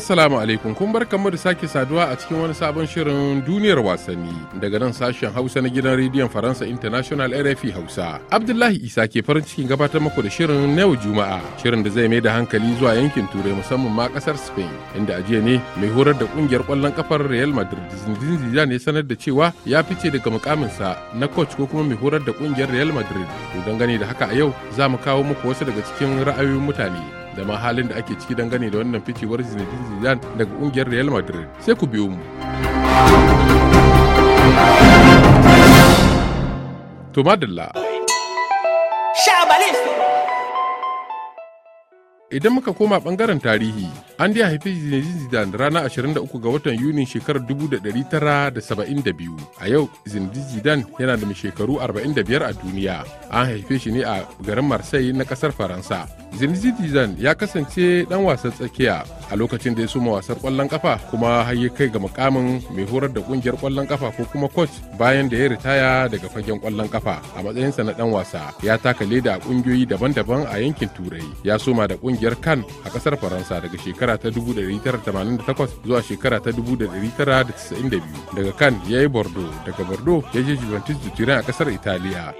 Assalamu alaikum kun bar kamar da sake saduwa a cikin wani sabon shirin duniyar wasanni daga nan sashen Hausa na gidan rediyon Faransa International RFI Hausa. Abdullahi Isa ke farin cikin gabatar muku da shirin na yau Juma'a, shirin da zai mai da hankali zuwa yankin Turai musamman ma kasar Spain, inda a ne mai horar da kungiyar kwallon kafar Real Madrid Zinedine Zidane ya sanar da cewa ya fice daga mukaminsa na coach ko kuma mai horar da kungiyar Real Madrid. To dangane da haka a yau za mu kawo muku wasu daga cikin ra'ayoyin mutane da ma halin da ake ciki dangane da wannan ficewar Zinedine Zidane daga kungiyar Real Madrid. Sai ku biyo mu. To madalla. idan muka koma bangaren tarihi an dai haifi zinedine zidane rana 23 ga watan yunin shekarar 1972 a yau zinedine zidane yana da mai shekaru 45 a duniya an haife shi ne a garin marseille na kasar faransa Zinzi Dizan ya kasance dan wasan tsakiya a lokacin da ya suma wasar kwallon kafa kuma har ya kai ga mukamin mai horar da kungiyar kwallon kafa ko kuma coach bayan da ya ritaya daga fagen kwallon kafa a matsayinsa na dan wasa ya taka leda a kungiyoyi daban-daban a yankin turai ya soma da kungiyar kan a kasar faransa daga shekara ta 1988 zuwa shekara ta 1992 daga kan ya yi bordeaux daga bordeaux ya je juventus da turin a kasar italiya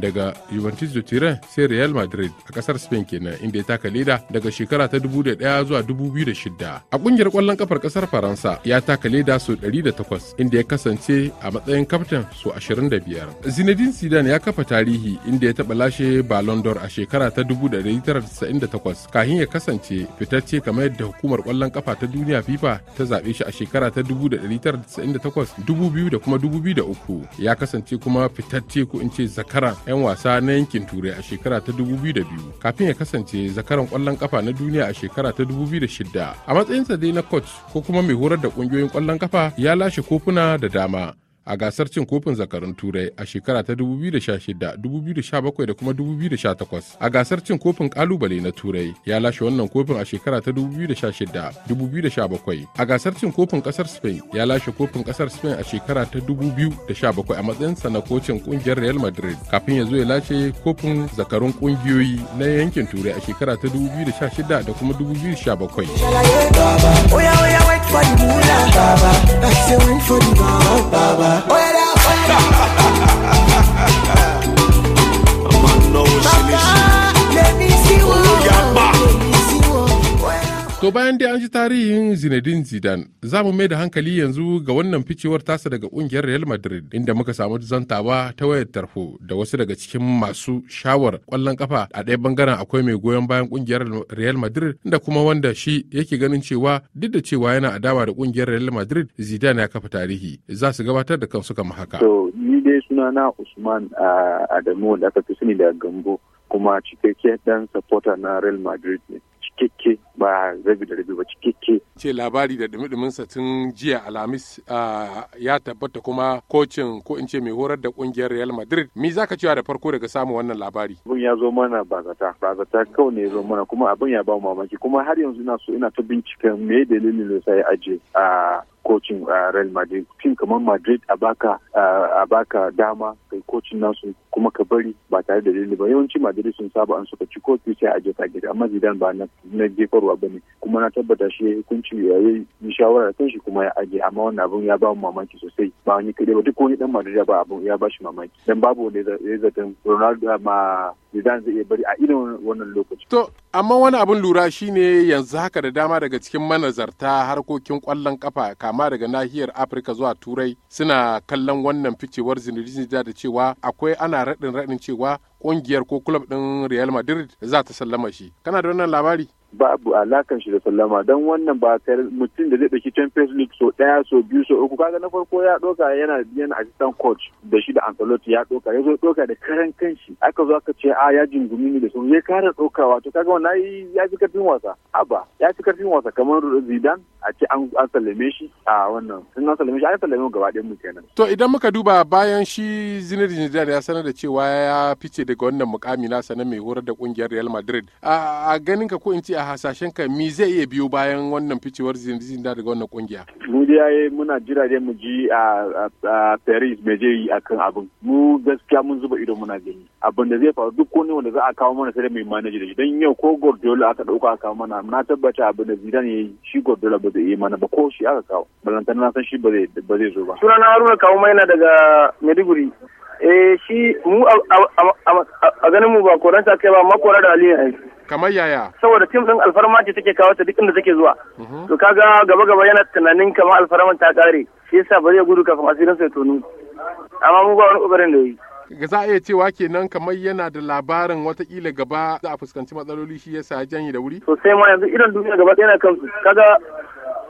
daga Juventus de Turin sai Real Madrid a kasar Spain kenan inda ya taka leda daga shekara ta 2001 zuwa 2006. A kungiyar kwallon kafar kasar Faransa ya taka leda sau 108 inda ya kasance a matsayin kaftan sau 25. Zinedine Zidane ya kafa tarihi inda ya taba lashe Ballon d'Or a shekara ta 1998 kafin ya kasance fitacce kamar yadda hukumar kwallon kafa ta duniya FIFA ta zaɓe shi a shekara ta 1998, 2000 da kuma 2003. Ya kasance kuma fitacce ko in ce zakara 'yan wasa na yankin turai a shekara ta 2002 kafin ya kasance zakaran kwallon kafa na duniya a shekara ta 2006 a matsayinsa dai na coach ko kuma mai horar da kungiyoyin kwallon kafa ya lashe kofuna da dama a gasar cin kofin zakarun turai a shekara ta 2016 2017 da kuma 2018 a gasar cin kofin kalubale na turai ya lashe wannan kofin a shekara ta 2016 2017 a gasar cin kofin kasar spain ya lashe kofin kasar spain a shekara ta 2017 a sa na kocin kungiyar real madrid kafin ya zo ya lashe kofin zakarun kungiyoyi na yankin turai a shekara ta 2016 da kuma 2017 ji tarihin Zinedine Zidane, za mu mai da hankali yanzu ga wannan ficewar tasa daga kungiyar Real Madrid inda muka samu zantawa ta wayar tarho da wasu daga cikin masu shawar kwallon kafa a ɗaya bangaren akwai mai goyon bayan kungiyar Real Madrid inda kuma wanda shi yake ganin cewa duk da cewa yana adawa da kungiyar Real Madrid Zidane ya kafa tarihi. Za su gabatar da kansu kamar haka. To ni dai sunana Usman Adamu da aka fi sani da Gambo kuma cikakken dan supporter na Real Madrid ne. ba rabi da rabi ba cikakke. Ce labari da dumi sa tun jiya Alhamis ya tabbata kuma kocin ko in ce mai horar da kungiyar Real Madrid. Me zaka cewa da farko daga samun wannan labari? Abin ya zo mana bazata, bazata kawai ne ya zo mana kuma abin ya ba mamaki kuma har yanzu ina so ina ta binciken me dalilin da sai aje a kocin uh, Real Madrid tim kamar Madrid a baka uh, a baka dama kai kocin nasu kuma ka bari ba tare da dalili ba yawanci Madrid sun saba an suka ci kofi sai a je gida amma Zidane ba na jefarwa bane kuma na tabbata shi ya hukunci ya yi shawara kan shi kuma ya aje amma wannan abun ya ba mu mamaki sosai ba wani kadai ba duk wani dan Madrid ba abun ya ba shi mamaki dan babu wanda ya zaton Ronaldo ma Zidane zai iya bari a irin wannan lokaci amma wani abin lura shine yanzu haka da dama daga cikin manazarta harkokin kwallon kafa kama daga nahiyar afirka zuwa turai suna kallon wannan ficewar zinedine da cewa akwai ana raɗin raɗin cewa ƙungiyar ko kulob ɗin real madrid za ta sallama shi kana da wannan labari babu alakan shi da sallama don wannan ba mutum da zai ɗauki champions league so ɗaya so biyu so uku kaga na farko ya ɗoka yana yana assistant coach da shi da ancelotti ya ɗoka ya zo ɗoka da karan kanshi aka zo aka ce a ya jingumi ne da sauran ya kara ɗokawa to kaga wannan ya fi karfin wasa aba ya fi karfin wasa kamar zidane a ce an sallame shi a wannan sun an sallame shi an sallame gaba ɗayan mu kenan. to idan muka duba bayan shi zinedine zidane ya sanar da cewa ya fice daga wannan mukami na sanar mai horar da kungiyar real madrid a ganin ka ko in ce a hasashen ka mi zai iya biyo bayan wannan ficewar zinda daga wannan kungiya mu dai muna jira dai mu ji a Paris me zai yi akan abin mu gaskiya mun zuba ido muna gani abin da zai faru duk wani wanda za a kawo mana sai mai manager shi dan yau ko Guardiola aka dauka aka kawo mana na tabbata abin da Zidane yayi shi Guardiola ba zai yi mana ba ko shi aka kawo balantan na san shi ba zai zo ba sunana Haruna kawo maina daga Maiduguri eh shi mu a ganin mu ba koranta kai ba makora da aliyu kamar yaya saboda tim din alfarma ce take kawo ta duk inda take zuwa mhm. to kaga gaba gaba yana tunanin kamar alfarman ta kare shi yasa ba zai gudu kafin asirin sai tonu amma mu ba wani kokarin da yi za a iya cewa kenan kamar yana da labarin watakila gaba za a fuskanci matsaloli shi yasa janyi da wuri sai ma yanzu irin duniya gaba yana kansu kaga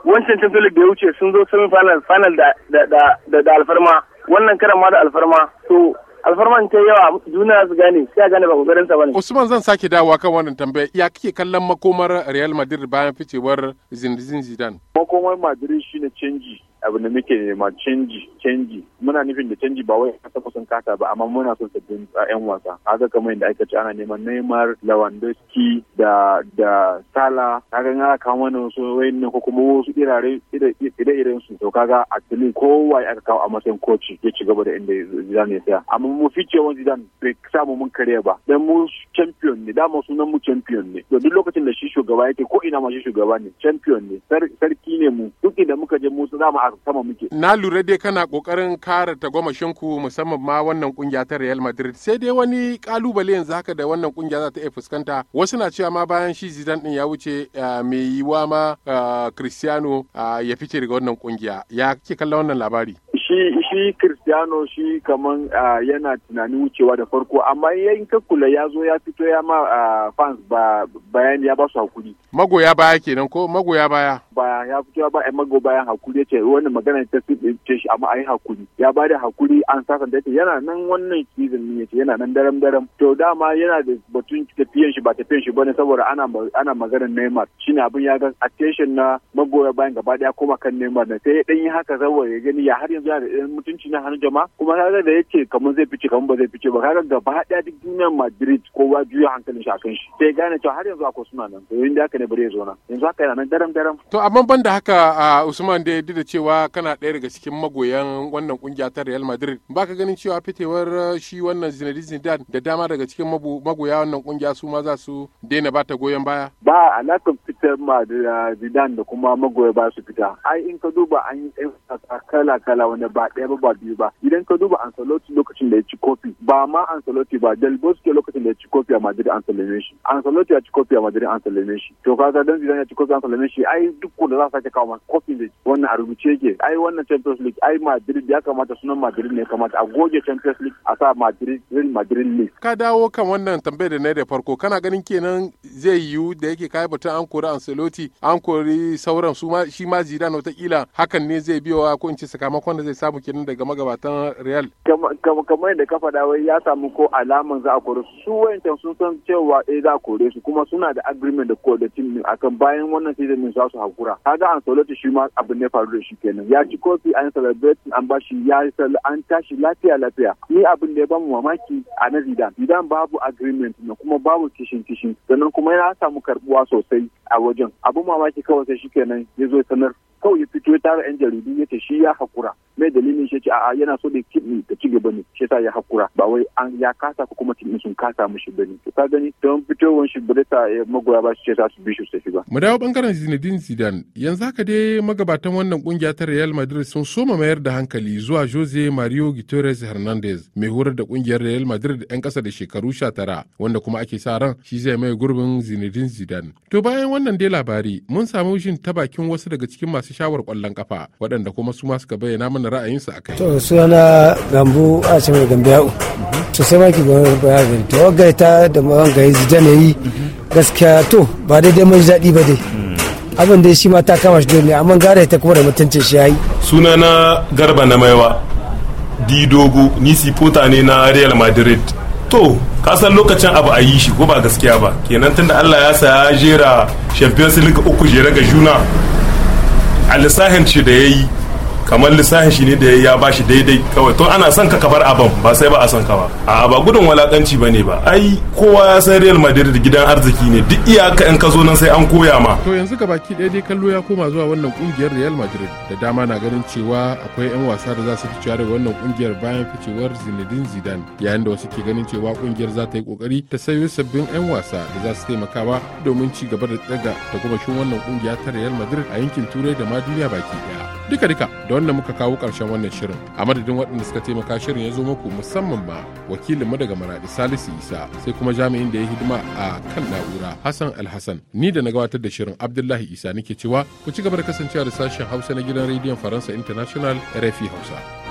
wancan tim da ya wuce sun zo semi final final da da da alfarma wannan karan ma da alfarma to alfarman ta yawa duniya su gane sai gane ba kokarin sa bane Usman zan sake dawowa kan wannan tambaya ya kike kallon makomar Real Madrid bayan ficewar Zinedine Zidane makomar Madrid shine canji abin da muke nema canji canji muna nufin da canji ba wai kasa kusan kasa ba amma muna son sabbin yan wasa haka kamar yadda aka ce ana neman Neymar Lewandowski da da Sala kaga ana kama mana wasu ne ko kuma wasu irare ire-iren su to kaga a tilin kowa aka kawo a matsayin koci ya ci gaba da inda Zidane ya tsaya amma mu cewa Zidane bai samu mun karya ba dan mu champion ne dama sunan mu champion ne to duk lokacin da shi shugaba yake ko ina ma shi shugaba ne champion ne sarki ne mu duk inda muka je mu za sama muke. Na lura dai kana kokarin kare ku musamman ma wannan kungiya ta Real Madrid sai dai wani kalubale yanzu haka da wannan kungiya za ta iya fuskanta wasu na cewa ma bayan shi Zidane din ya wuce eh, mai yiwa ma eh, Cristiano eh, ya fice daga wannan kungiya ya kike kalla wannan labari. shi shi Cristiano shi kaman yana tunanin wucewa da farko amma yayin kula ya zo ya fito ya ma fans ba bayani ya ba su hakuri magoya baya kenan ko magoya baya baya ya fito ba ai mago bayan hakuri ce wannan magana ta ce shi amma ai hakuri ya bada hakuri an sasanta ce yana nan wannan season ne yace yana nan daram daram to dama yana da batun tafiyan shi ba tafiyan shi bane saboda ana ana maganar Neymar shine abin ya ga attention na magoya bayan gaba daya kuma kan Neymar ne sai dan yi haka saboda ya gani ya har yanzu yana da mutunci na hannun jama'a kuma kaga da yace kamar zai fice kamar ba zai fice ba kaga gaba daya duk duniyar Madrid kowa juya hankalin shi akan shi sai gane cewa har yanzu akwai suna nan to inda bari ya zo yanzu haka yana nan daram daram to amma ban da haka a Usman da yadda da cewa kana ɗaya daga cikin magoyan wannan kungiya ta Real Madrid ba ka ganin cewa fitewar uh, shi wannan Zinedine Zidane da dama daga cikin magoya wannan kungiya su ma za su daina ba ta goyon baya ba alakan fitar ma uh, Zidane da kuma magoya ba su fita ai in ka duba an yi kala kala wanda ba ɗaya ba ba biyu ba idan ka duba Ancelotti lokacin da ya ci kofi ba ma Ancelotti ba Del Bosque lokacin da ya ci kofi a Madrid an sallame shi Ancelotti ya ci kofi a Madrid an sallame shi to kaga dan zidane ya ci ko san salame shi ai duk ko da za sake kawo masa kofin da wannan a rubuce yake ai wannan champions league ai madrid ya kamata sunan madrid ne kamata a goge champions league a sa madrid real madrid league ka dawo kan wannan tambayar da na da farko kana ganin kenan zai yiwu da yake kai batun an kori an saloti an kori sauran su ma shi ma zidane watakila hakan ne zai biyowa ko in ce sakamakon da zai samu kenan daga magabatan real kamar yadda ka faɗa wai ya samu ko alaman za a kore su wayancan sun san cewa eh za a kore su kuma suna da agreement da tim din akan bayan wannan season din za su hakura kaga Ancelotti shi ma abin ne faru da shi kenan ya ci kofi an celebrate an bashi ya an tashi lafiya lafiya ni abin da ya bamu mamaki a na zidan. zidan babu agreement na kuma babu kishin kishin sannan kuma ya samu karbuwa sosai a wajen abin mamaki kawai sai shi kenan ya zo sanar kawai ya fito ya tara 'yan jaridu ya ce shi ya hakura me dalilin shi ce a'a yana so da kidney da ci gaba ne shi ya hakura ba wai an ya kasa ko kuma kidney sun kasa mishi bane to ka gani don fitowar shi ba ta eh, magoya ba shi yasa su bi shi su tafi ba mu dawo bangaren Zinedine Zidane yanzu haka dai magabatan wannan kungiya ta Real Madrid sun soma mayar da hankali zuwa Jose Mario Gutierrez Hernandez mai horar da kungiyar Real Madrid yan kasa da shekaru 19 wanda kuma ake sa ran shi zai mai gurbin Zinedine Zidane to bayan wannan dai labari mun samu shin ta bakin wasu daga cikin masu shawar kwallon kafa waɗanda kuma su ma suka bayyana mana bayyana ra'ayinsa a kai. To suna gambu a ce mai gambe ya'u. To sai maki gwamnati ba ya gari. To wangai ta da wangai zijan ya yi gaskiya to ba daidai mun daɗi ba dai. Abin da shi ma ta kama shi dole amma gara ta kuma da mutuncin shi ya yi. Suna na garba na maiwa. Didogo ni sifota ne na Real Madrid. to ka san lokacin abu a yi shi ko ba gaskiya ba kenan tunda Allah ya saya jera Champions League uku jere ga juna alisahin ce da ya yi kamar lissahin shi ne da ya ba shi daidai kawai to ana son ka kabar abin ba sai ba a son ka ba a ba gudun walakanci ba ne ba ai kowa ya san real madrid gidan arziki ne duk iyaka in ka zo nan sai an koya ma to yanzu ka baki dai kallo ya koma zuwa wannan kungiyar real madrid da dama na ganin cewa akwai yan wasa da za su ficewa daga wannan kungiyar bayan ficewar zinedine zidane yayin da wasu ke ganin cewa kungiyar za ta yi kokari ta sayo sabbin yan wasa da za su taimakawa domin ci gaba da tsaga da kuma shin wannan kungiya ta real madrid a yankin turai da ma duniya baki daya duka-duka da wannan muka kawo ƙarshen wannan shirin a madadin waɗanda suka taimaka shirin ya zo muku musamman ma wakilinmu daga maraɗi salisu isa sai kuma jami'in da ya hidima a kan na'ura hassan alhassan ni da na gabatar da shirin abdullahi isa nake cewa ku ci gaba da kasancewa da sashen hausa na gidan rediyon faransa international rfi hausa